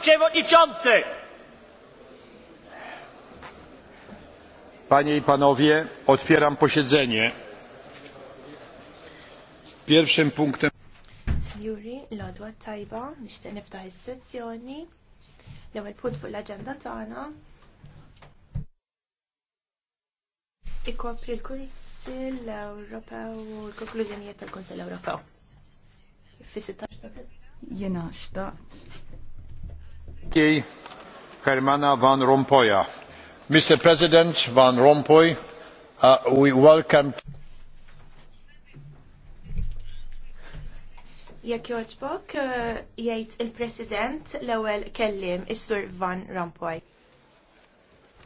Przewodniczący! Panie i panowie, otwieram posiedzenie. Pierwszym punktem... Juri, lodwa odwa tajba, nishtiq niftaħ is-sezzjoni. L-ewwel punt fuq l-aġenda tagħna ikopri l-Kunsill Ewropew u l-konklużjonijiet tal-Kunsill Ewropew. Fi 16 Jena xtaqt Hermana Van Rompuya. Mr. President Van Rompuy, uh, we welcome. Jekk joġbok, uh, jgħid il-President l ewel kellim is-Sur Van Rompuy.